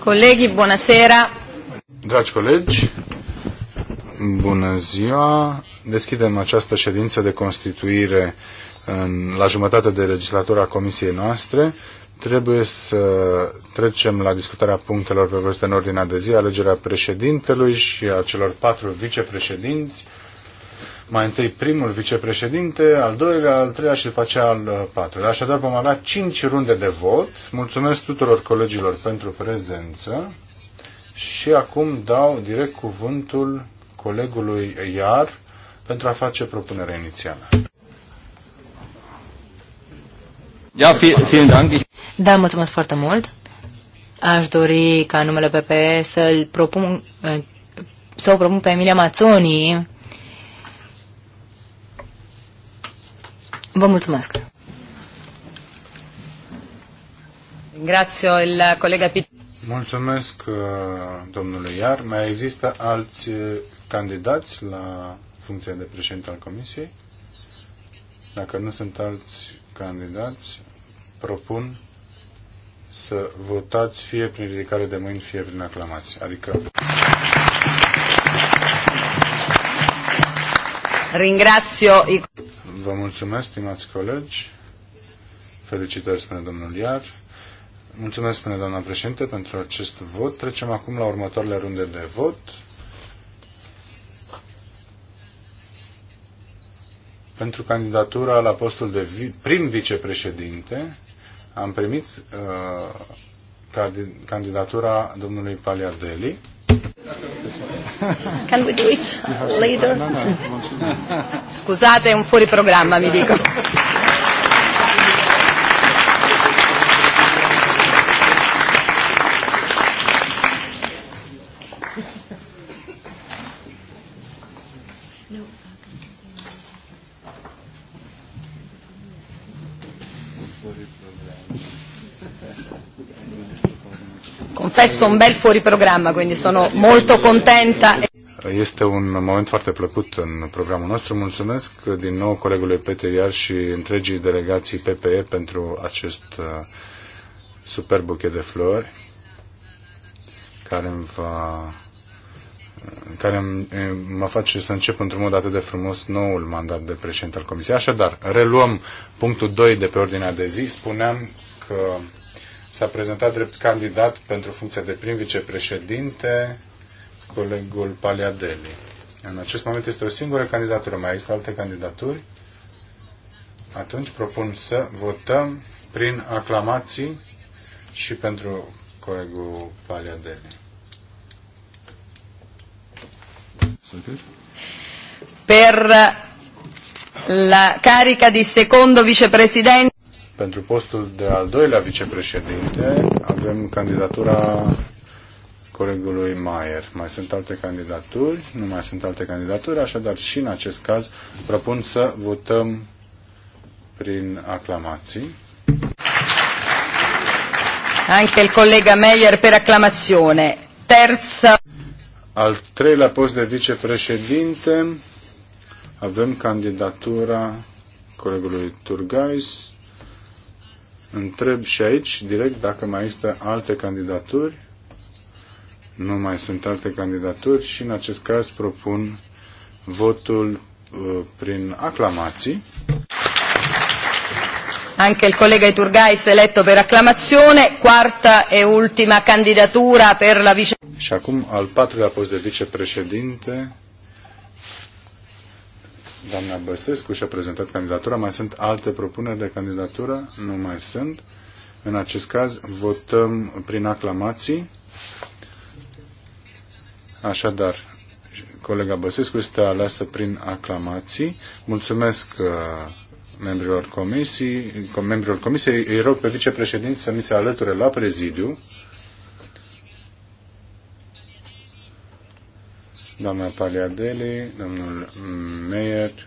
Colegi, bună seara! Dragi colegi, bună ziua! Deschidem această ședință de constituire în, la jumătate de legislatura comisiei noastre. Trebuie să trecem la discutarea punctelor prevăzute în ordinea de zi, alegerea președintelui și a celor patru vicepreședinți mai întâi primul vicepreședinte, al doilea, al treilea și după aceea al uh, patrulea. Așadar vom avea cinci runde de vot. Mulțumesc tuturor colegilor pentru prezență și acum dau direct cuvântul colegului Iar pentru a face propunerea inițială. Da, mulțumesc foarte mult. Aș dori ca numele PPE să-l propun, să o propun pe Emilia Mazzoni Vă mulțumesc! Mulțumesc, uh, domnule Iar. Mai există alți uh, candidați la funcția de președinte al Comisiei? Dacă nu sunt alți candidați, propun să votați fie prin ridicare de mâini, fie prin aclamație. Adică... Ringrazio... Vă mulțumesc, stimați colegi. Felicitări, spune domnul Iar. Mulțumesc, spune doamna președinte, pentru acest vot. Trecem acum la următoarele runde de vot. Pentru candidatura la postul de prim vicepreședinte am primit uh, candidatura domnului Paliadeli. Can we do it later? Scusate, è un fuori programma, mi dico confesso un bel fuori programma, quindi sono molto contenta. Este un moment foarte plăcut în programul nostru. Mulțumesc din nou colegului Peter Iar și întregii delegații PPE pentru acest uh, super buchet de flori care îmi va care mă face să încep într-un mod atât de frumos noul mandat de președinte al Comisiei. Așadar, reluăm punctul 2 de pe ordinea de zi. Spuneam că s-a prezentat drept candidat pentru funcția de prim vicepreședinte colegul Paliadeli. În acest moment este o singură candidatură, mai există alte candidaturi. Atunci propun să votăm prin aclamații și pentru colegul Paliadeli. Per la carica di secondo vicepresidente pentru postul de al doilea vicepreședinte avem candidatura colegului Maier. Mai sunt alte candidaturi? Nu mai sunt alte candidaturi, așadar și în acest caz propun să votăm prin aclamații. Anche il collega Meyer per acclamazione. Terza. Al treilea post de vicepreședinte avem candidatura colegului Turgais. Întreb și aici direct dacă mai există alte candidaturi. Nu mai sunt alte candidaturi și în acest caz propun votul uh, prin aclamații. Anche il collega Iturgais eletto per acclamazione, quarta e ultima candidatura per la vice. Și acum al patrulea post de vicepreședinte doamna Băsescu și-a prezentat candidatura. Mai sunt alte propuneri de candidatură? Nu mai sunt. În acest caz votăm prin aclamații. Așadar, colega Băsescu este aleasă prin aclamații. Mulțumesc uh, membrilor comisiei. membrilor comisiei. Îi rog pe vicepreședinte să mi se alăture la prezidiu. doamna Paliadeli, domnul Meier.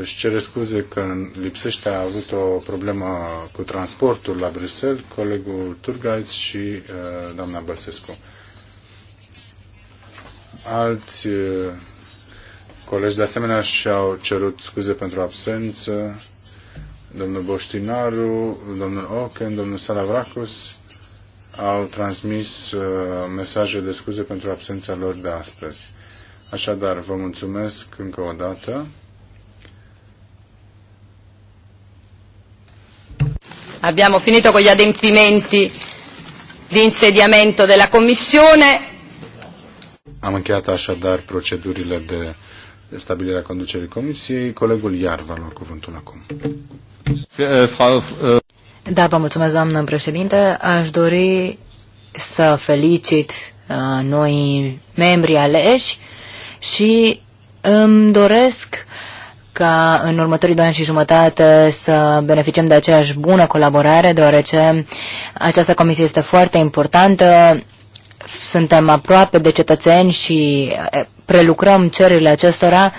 Își cere scuze că lipsește, a avut o problemă cu transportul la Bruxelles, colegul Turgaiț și uh, doamna Băsescu. Alți uh, colegi de asemenea și-au cerut scuze pentru absență, domnul Boștinaru, domnul Oken, domnul Salavracus, au transmis uh, mesaje de scuze pentru absența lor de astăzi. Așadar, vă mulțumesc încă o dată. Abbiamo finito con gli adempimenti di insediamento della Commissione. Am încheiat așadar procedurile de stabilire a conducerii Comisiei. Colegul Iar va lua cuvântul acum. Eh, Frau eh, da, vă mulțumesc, doamnă președinte. Aș dori să felicit uh, noi membri aleși și îmi doresc ca în următorii doi ani și jumătate să beneficiem de aceeași bună colaborare, deoarece această comisie este foarte importantă. Suntem aproape de cetățeni și eh, prelucrăm cererile acestora.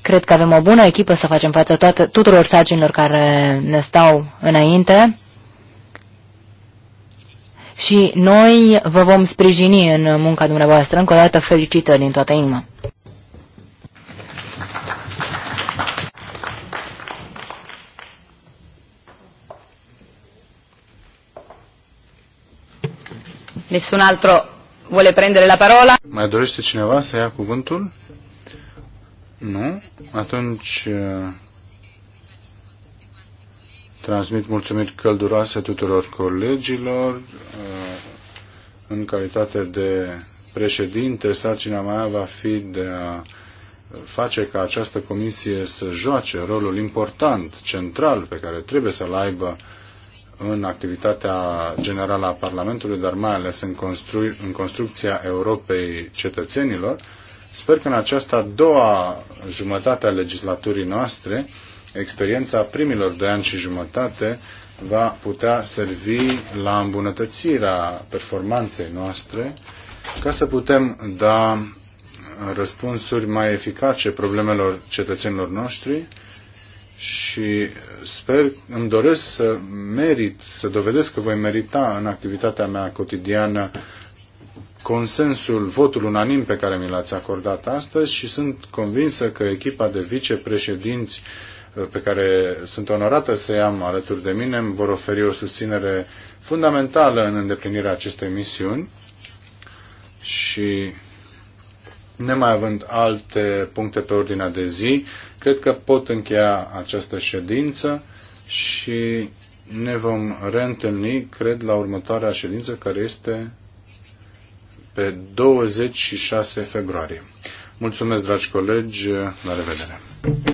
Cred că avem o bună echipă să facem față toate, tuturor sarcinilor care ne stau înainte și noi vă vom sprijini în munca dumneavoastră. Încă o dată felicitări din toată inima. Nessun altro vuole prendere la parola? Mai dorește cineva să ia cuvântul? Nu? Atunci uh, transmit mulțumiri călduroase tuturor colegilor, în calitate de președinte, sarcina mea va fi de a face ca această comisie să joace rolul important, central, pe care trebuie să-l aibă în activitatea generală a Parlamentului, dar mai ales în, constru- în construcția Europei cetățenilor. Sper că în această a doua jumătate a legislaturii noastre, experiența primilor doi ani și jumătate va putea servi la îmbunătățirea performanței noastre ca să putem da răspunsuri mai eficace problemelor cetățenilor noștri și sper, îmi doresc să merit, să dovedesc că voi merita în activitatea mea cotidiană consensul, votul unanim pe care mi l-ați acordat astăzi și sunt convinsă că echipa de vicepreședinți pe care sunt onorată să am alături de mine îmi vor oferi o susținere fundamentală în îndeplinirea acestei misiuni și nemai având alte puncte pe ordinea de zi, cred că pot încheia această ședință și ne vom reîntâlni, cred, la următoarea ședință care este pe 26 februarie. Mulțumesc, dragi colegi, la revedere!